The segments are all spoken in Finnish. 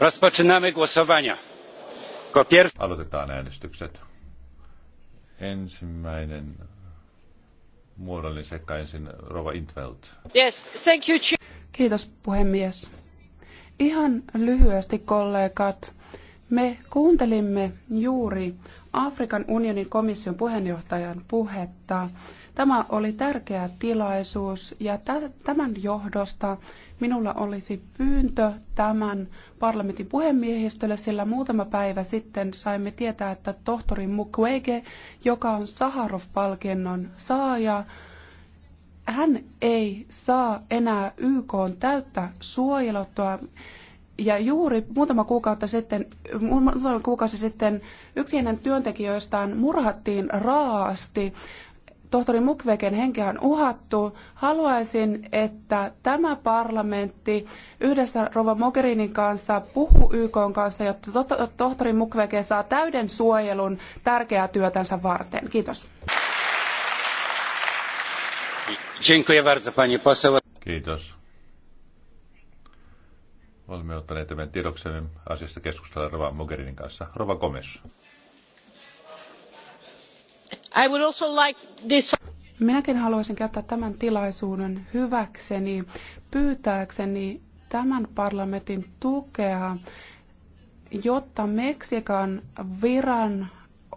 Rozpoczynamy głosowania. Kopier... Aloitetaan äänestykset. Ensimmäinen muodollinen sekä ensin Rova Intveld. Yes, thank you. Kiitos puhemies. Ihan lyhyesti kollegat. Me kuuntelimme juuri Afrikan unionin komission puheenjohtajan puhetta. Tämä oli tärkeä tilaisuus ja tämän johdosta minulla olisi pyyntö tämän parlamentin puhemiehistölle, sillä muutama päivä sitten saimme tietää, että tohtori Mukwege, joka on Saharov-palkinnon saaja, hän ei saa enää YK täyttä suojelottua. Ja juuri muutama kuukautta sitten, muutama kuukausi sitten yksi hänen työntekijöistään murhattiin raaasti tohtori Mukveken henkeä on uhattu. Haluaisin, että tämä parlamentti yhdessä Rova Mogherinin kanssa puhuu YK kanssa, jotta tohtori Mukwege saa täyden suojelun tärkeää työtänsä varten. Kiitos. Kiitos. Olemme ottaneet tämän tiedoksemme asiasta keskustella Rova Mogherinin kanssa. Rova Gomes. Minäkin haluaisin käyttää tämän tilaisuuden hyväkseni, pyytääkseni tämän parlamentin tukea, jotta Meksikan viran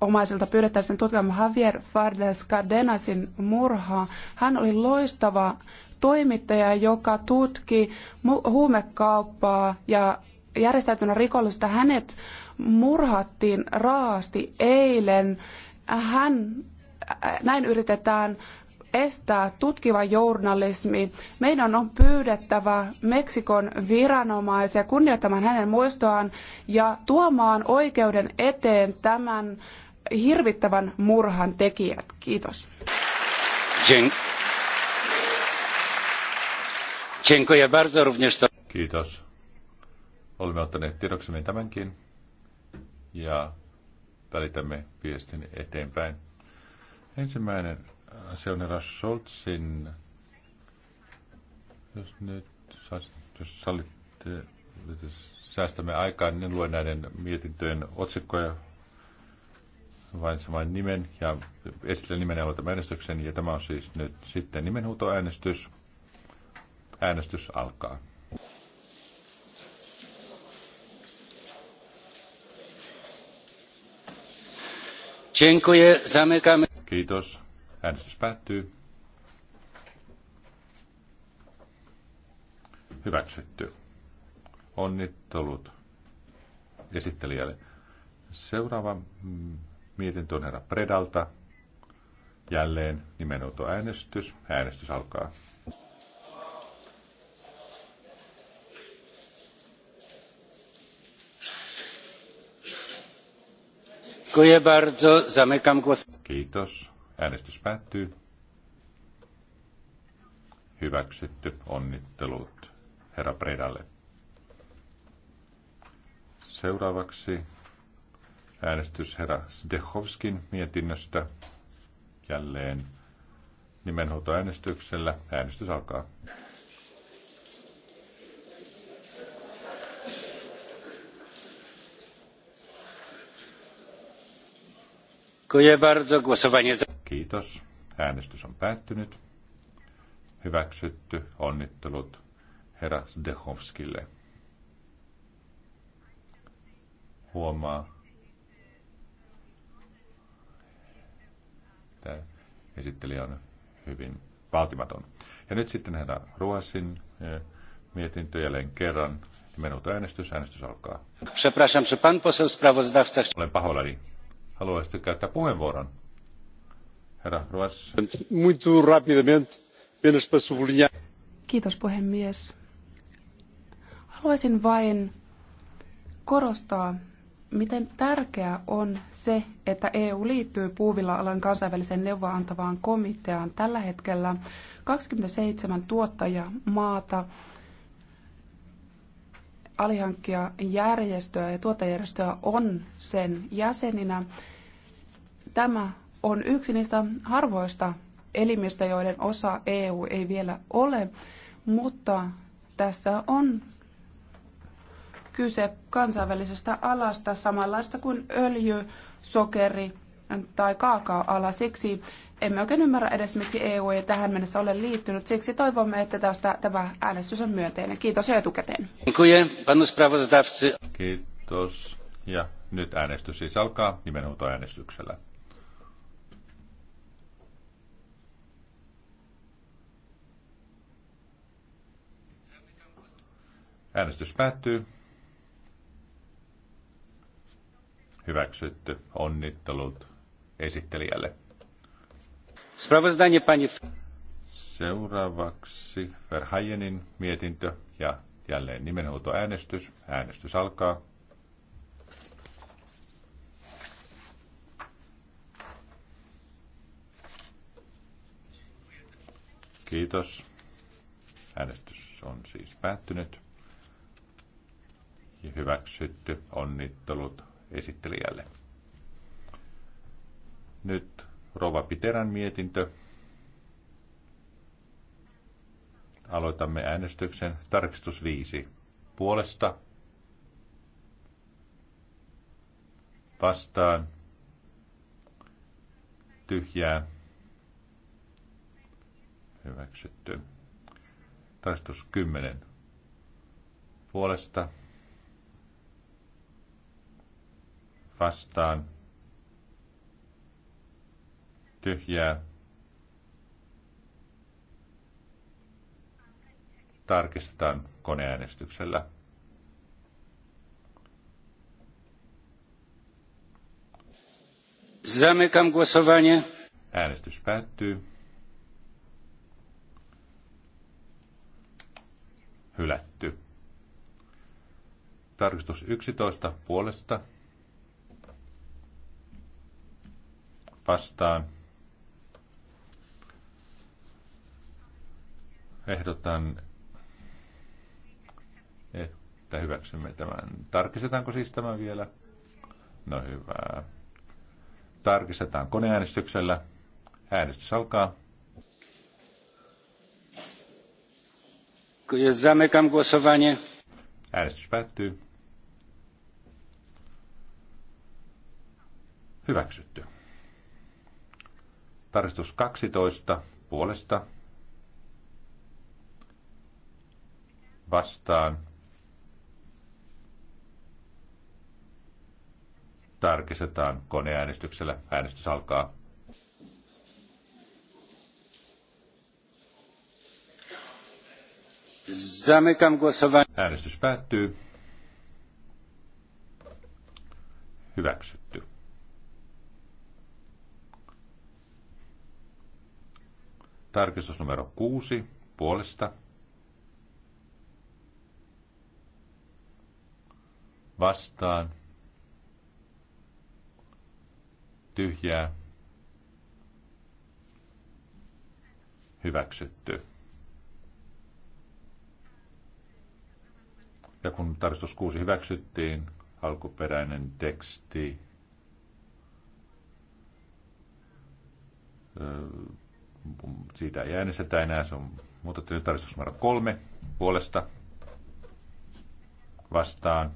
omaisilta pyydettäisiin tutkimaan Javier Fardes Cardenasin murhaa. Hän oli loistava toimittaja, joka tutki huumekauppaa ja järjestäytynä rikollisuutta. Hänet murhattiin raasti eilen hän, näin yritetään estää tutkiva journalismi. Meidän on pyydettävä Meksikon viranomaisia kunnioittamaan hänen muistoaan ja tuomaan oikeuden eteen tämän hirvittävän murhan tekijät. Kiitos. Kiitos. Olemme ottaneet tiedoksemme tämänkin. Ja välitämme viestin eteenpäin. Ensimmäinen asia on herra Scholzin, jos nyt jos sallitte, säästämme aikaa, niin luen näiden mietintöjen otsikkoja vain saman nimen ja esittelen nimen ja äänestyksen. Ja tämä on siis nyt sitten nimenhuutoäänestys. Äänestys alkaa. Kiitos. Äänestys päättyy. Hyväksytty. Onnittelut esittelijälle. Seuraava mietintö on herra Predalta. Jälleen nimenhuutoäänestys. Äänestys alkaa. Kiitos. Äänestys päättyy. Hyväksytty. Onnittelut herra Predalle. Seuraavaksi äänestys herra Zdechovskin mietinnöstä. Jälleen nimenhuutoäänestyksellä. Äänestys alkaa. Kiitos. Äänestys on päättynyt. Hyväksytty. Onnittelut herra Zdehovskille. Huomaa. Tämä esittelijä on hyvin vaatimaton. Ja nyt sitten herra Ruosin eh, mietintö jälleen kerran. Minuutin äänestys. Äänestys alkaa. Przepraszam, czy pan poseł sprawozdawca... Olen pahoillani. Haluaisitte käyttää puheenvuoron? Herra Ruas. Muito rapidamente, apenas para sublinhar. Kiitos puhemies. Haluaisin vain korostaa, miten tärkeää on se, että EU liittyy puuvilla-alan kansainväliseen neuvoa antavaan komiteaan. Tällä hetkellä 27 tuottajamaata maata alihankkijajärjestöä ja tuottajärjestöä on sen jäseninä. Tämä on yksi niistä harvoista elimistä, joiden osa EU ei vielä ole, mutta tässä on kyse kansainvälisestä alasta, samanlaista kuin öljy, sokeri tai kaakao Siksi emme oikein ymmärrä edes, miksi EU ei tähän mennessä ole liittynyt. Siksi toivomme, että tästä tämä äänestys on myönteinen. Kiitos jo etukäteen. Kiitos. Ja nyt äänestys siis alkaa äänestyksellä. Äänestys päättyy. Hyväksytty. Onnittelut esittelijälle. Seuraavaksi Verhajenin mietintö ja jälleen nimenhuutoäänestys. Äänestys alkaa. Kiitos. Äänestys on siis päättynyt. Ja hyväksytty. Onnittelut esittelijälle. Nyt Rova Piterän mietintö. Aloitamme äänestyksen. Tarkistus 5. Puolesta. Vastaan. Tyhjää. Hyväksytty. Tarkistus 10. Puolesta. Vastaan tyhjää. Tarkistetaan koneäänestyksellä. Zamykam głosowanie. Äänestys päättyy. Hylätty. Tarkistus 11 puolesta. Vastaan Ehdotan, että hyväksymme tämän. Tarkistetaanko siis tämä vielä? No hyvä. Tarkistetaan koneäänestyksellä. Äänestys alkaa. Zamykam głosowanie. Äänestys päättyy. Hyväksytty. Tarkistus 12 puolesta vastaan. Tarkistetaan koneäänestyksellä. Äänestys alkaa. Zamykam głosowanie. Äänestys päättyy. Hyväksytty. Tarkistus numero kuusi puolesta vastaan, tyhjää, hyväksytty. Ja kun tarkistus 6 hyväksyttiin, alkuperäinen teksti siitä ei äänestetä enää, se on muutettu tarkistusmäärä kolme puolesta vastaan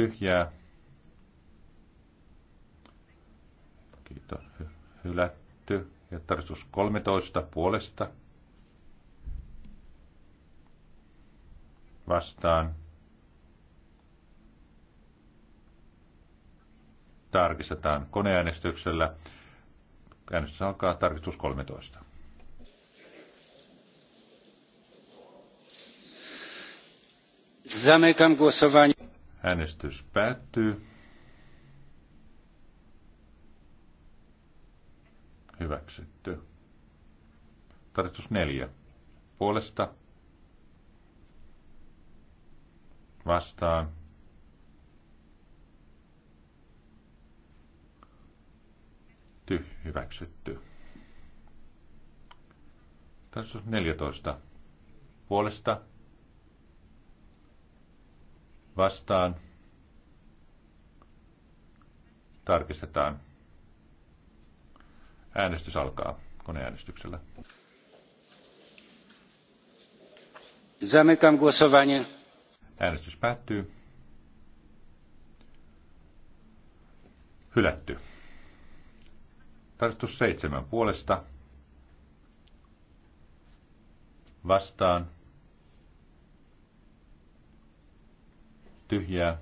tyhjää. Kiitos. Hylätty. Ja tarkistus 13 puolesta. Vastaan. Tarkistetaan koneäänestyksellä. Äänestys alkaa tarkistus 13. Zamykam głosowanie. Äänestys päättyy. Hyväksytty. Tarkoitus neljä. Puolesta. Vastaan. Ty, hyväksytty. Tarkistus 14. Puolesta vastaan. Tarkistetaan. Äänestys alkaa koneäänestyksellä. Zamykam głosowanie. Äänestys päättyy. Hylätty. Tarkistus seitsemän puolesta. Vastaan tyhjää,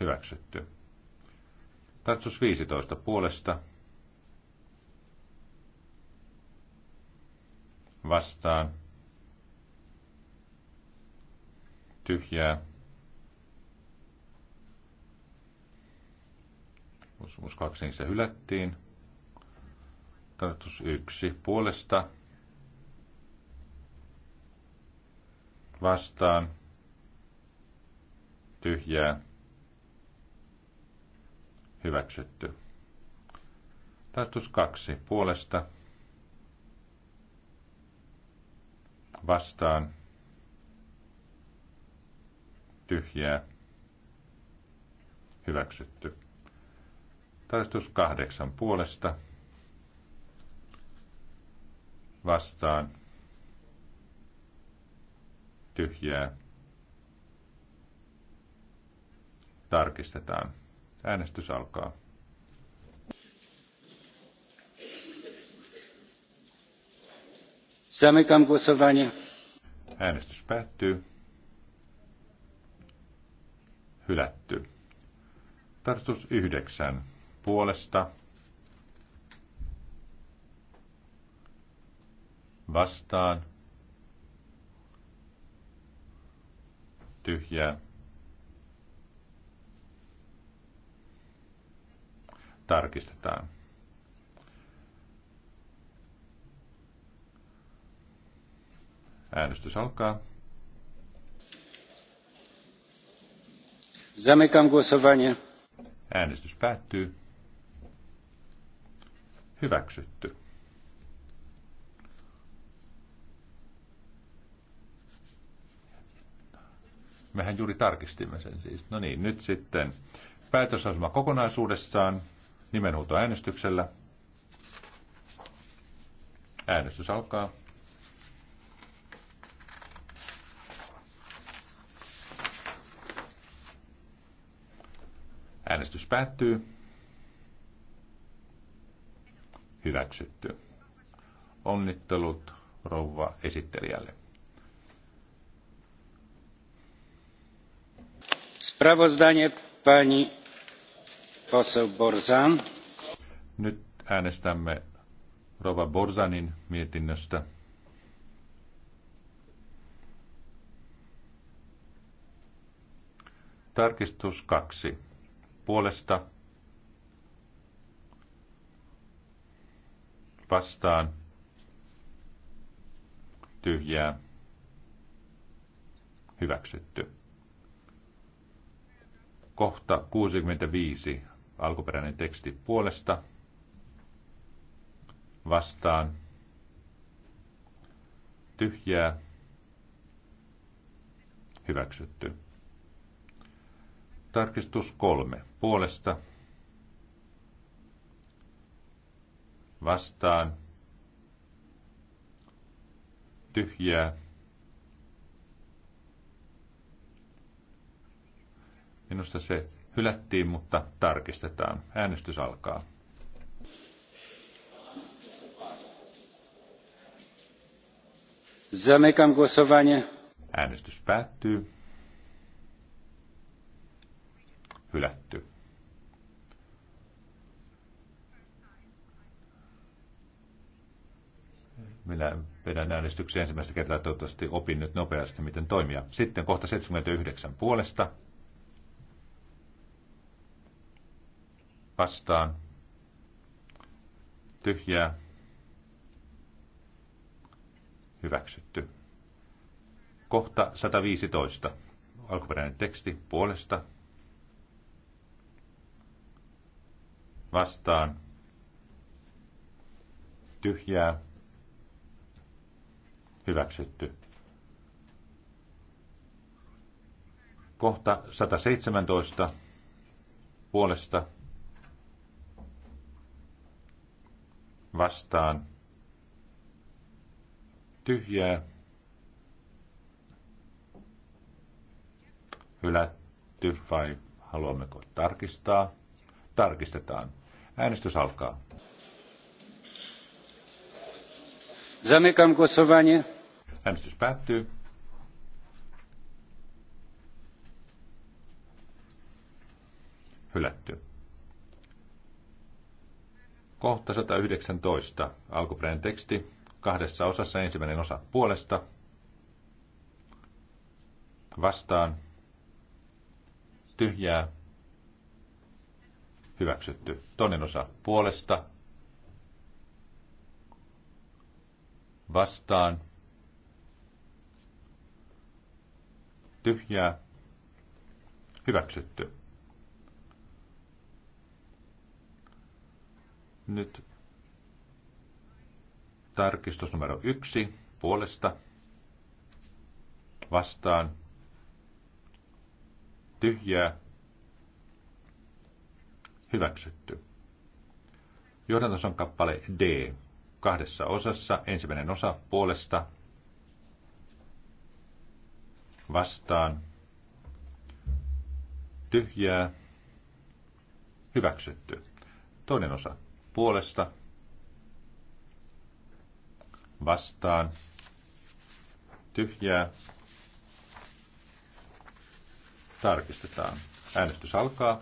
hyväksytty. Tartsus 15 puolesta, vastaan, tyhjää, niin se hylättiin. Tartus 1 puolesta vastaan tyhjää hyväksytty. Tartus kaksi puolesta vastaan tyhjää hyväksytty. Tartus kahdeksan puolesta vastaan tyhjää. Tarkistetaan. Äänestys alkaa. Zamykam głosowanie. Äänestys päättyy. Hylätty. Tartus yhdeksän. Puolesta. Vastaan tyhjää. Tarkistetaan. Äänestys alkaa. Zamykam głosowanie. Äänestys päättyy. Hyväksytty. Mehän juuri tarkistimme sen siis. No niin, nyt sitten päätösasema kokonaisuudessaan nimenhuutoäänestyksellä. Äänestys alkaa. Äänestys päättyy. Hyväksytty. Onnittelut rouva esittelijälle. Sprawozdanie pani poseł Borzan. Nyt äänestämme Rova Borzanin mietinnöstä. Tarkistus kaksi. Puolesta vastaan tyhjää hyväksytty kohta 65, alkuperäinen teksti puolesta, vastaan, tyhjää, hyväksytty. Tarkistus kolme, puolesta, vastaan, tyhjää, Minusta se hylättiin, mutta tarkistetaan. Äänestys alkaa. Zamykam głosowanie. Äänestys päättyy. Hylätty. Minä vedän äänestyksen ensimmäistä kertaa, toivottavasti opin nyt nopeasti, miten toimia. Sitten kohta 79 puolesta vastaan tyhjää hyväksytty. Kohta 115. Alkuperäinen teksti puolesta vastaan tyhjää hyväksytty. Kohta 117 puolesta vastaan tyhjää hylätty vai haluammeko tarkistaa? Tarkistetaan. Äänestys alkaa. Zamykam głosowanie. Äänestys päättyy. Hylätty. Kohta 119. Alkuperäinen teksti. Kahdessa osassa ensimmäinen osa puolesta. Vastaan. Tyhjää. Hyväksytty. Toinen osa puolesta. Vastaan. Tyhjää. Hyväksytty. Nyt tarkistus numero yksi puolesta vastaan tyhjää hyväksytty. Johdantos on kappale D kahdessa osassa. Ensimmäinen osa puolesta vastaan tyhjää hyväksytty. Toinen osa puolesta vastaan tyhjää. Tarkistetaan. Äänestys alkaa.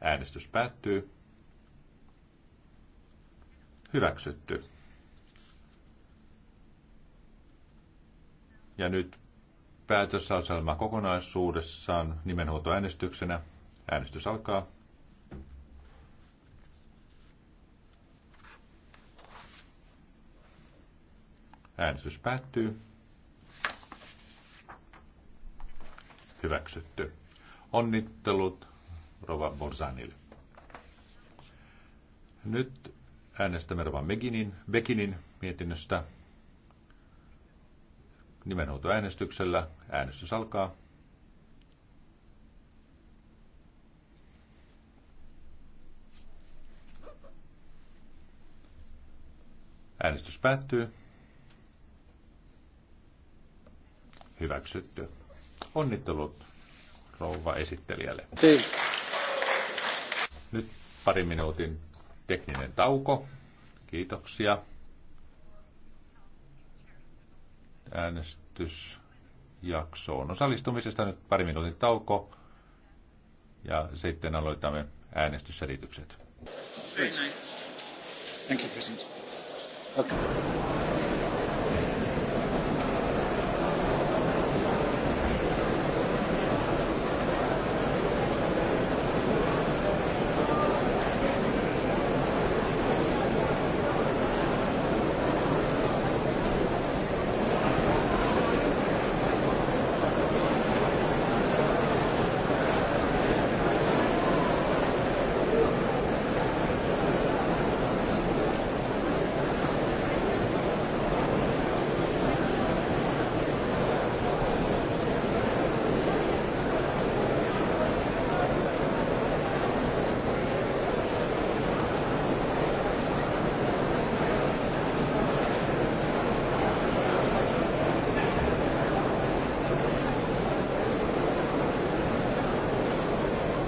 Äänestys päättyy. Hyväksytty. Ja nyt päätösauselma kokonaisuudessaan nimenhuoltoäänestyksenä. Äänestys alkaa. Äänestys päättyy. Hyväksytty. Onnittelut Rova Borsanille. Nyt äänestämme Rova Meginin, mietinnöstä. Nimenhuutoäänestyksellä. Äänestys alkaa. Äänestys päättyy. Hyväksytty. Onnittelut rouva esittelijälle. Siin. Nyt pari minuutin tekninen tauko. Kiitoksia. äänestysjaksoon osallistumisesta. Nyt pari minuutin tauko ja sitten aloitamme äänestysselitykset. Thank you, President. Okay.